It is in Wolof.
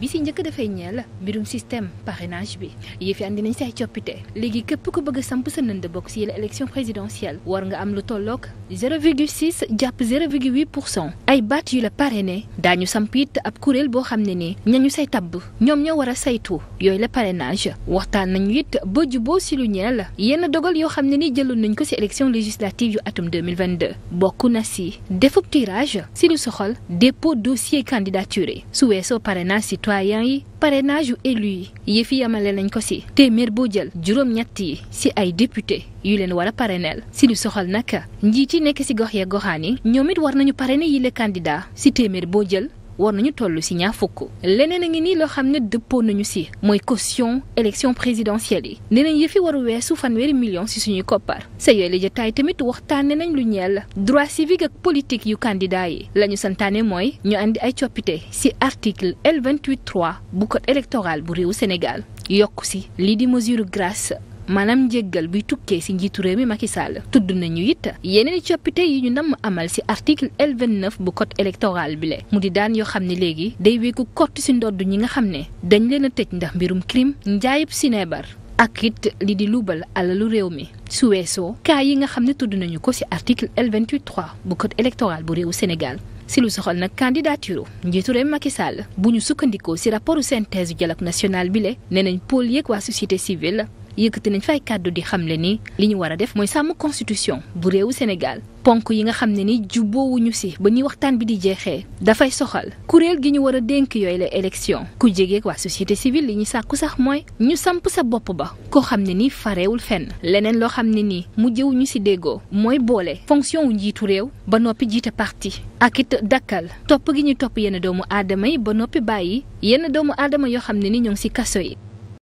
bi si njëkk dafay ñeel mbirum système parrainage bi yëf yi andi nañ say coppite léegi képp ku bëgg a samp sa nënd bokk si yële élection présidentielle war nga am lu tolloog 0,6 jàpp 0,8 pour cent ay baat yu la parrainé daañu samp it ab kuréel boo xam ne ni ñañu say tabb ñoom ñoo war a saytu yooyu la parrainage waxtaan nañu it ba juboo si lu ñeel yenn dogal yoo xam ne ni jëloon nañ ko si élection législative yu atum 2022 bokk na si defub tirage si lu soxal dépôt dossier candidature su weesoo parrainage si citoyen yi parrainage yu élu yi yëf yi yamale nañ ko si téeméer boo jël juróom-ñett yi si ay député yu leen war a parrainel si lu soxal naka njiit yi nekk si gox ya goxaan yi ñoom it war nañu parrainer yile candidat si téeméer boo jël war nañu toll si ñaar fukk leneen a ngi nii loo xam ne dëppoo nañu si mooy caution élection présidentielle yi nee nañ yëfi waru weesu fanweeri million si suñuy koppar sa yooyu la jotaay tamit waxtaane nañ lu ñeel droit civique ak politique yu candidat yi la ñu santaane mooy ñu andi ay coppite si article L283 bu code électoral bu réewu Sénégal yokk si lii di mesure grâce maanaam njéggal bi tukkee ci njiitu réew mi Macky Sall tudd nañu it yeneen coppite yi ñu nam amal ci article L29 bu code électoral bi le mu di daan yoo xam ni léegi day wéeku kott ci ndodd ñi nga xam ne dañ leen a tëj ndax mbirum crime njaayub sineebar ak it li di luubal alalu réew mi su weesoo cas yi nga xam ne tudd nañu ko ci article L28.3 bu code électoral bu réewu Sénégal si lu soxal nag candidature njiitu réew Macky Sall bu ñu sukkandikoo ci rapportu synthèse dialogue national bi le nee nañ pôle yeeg waa société yëkkati ne fay kàddu di xam ne ni li ñu war a def mooy sàmm constitution bu réewu Sénégal ponk yi nga xam ne ni jubboowuñu si ba ñuy waxtaan bi di jeexee dafay soxal kuréel gi ñu war a dénk yooyu la élection ku jegeeg waa société civile li ñu sàkku sax mooy ñu samp sa bopp ba koo xam ne ni farewul fenn leneen loo xam ne nii mujjewuñu si déggoo mooy boole fonction wu njiitu réew ba noppi jiite parti ak it dakkal topp gi ñu topp yenn doomu aadama yi ba noppi bàyyi yenn doomu aadama yoo xam ne ni ñoo si kaso yi.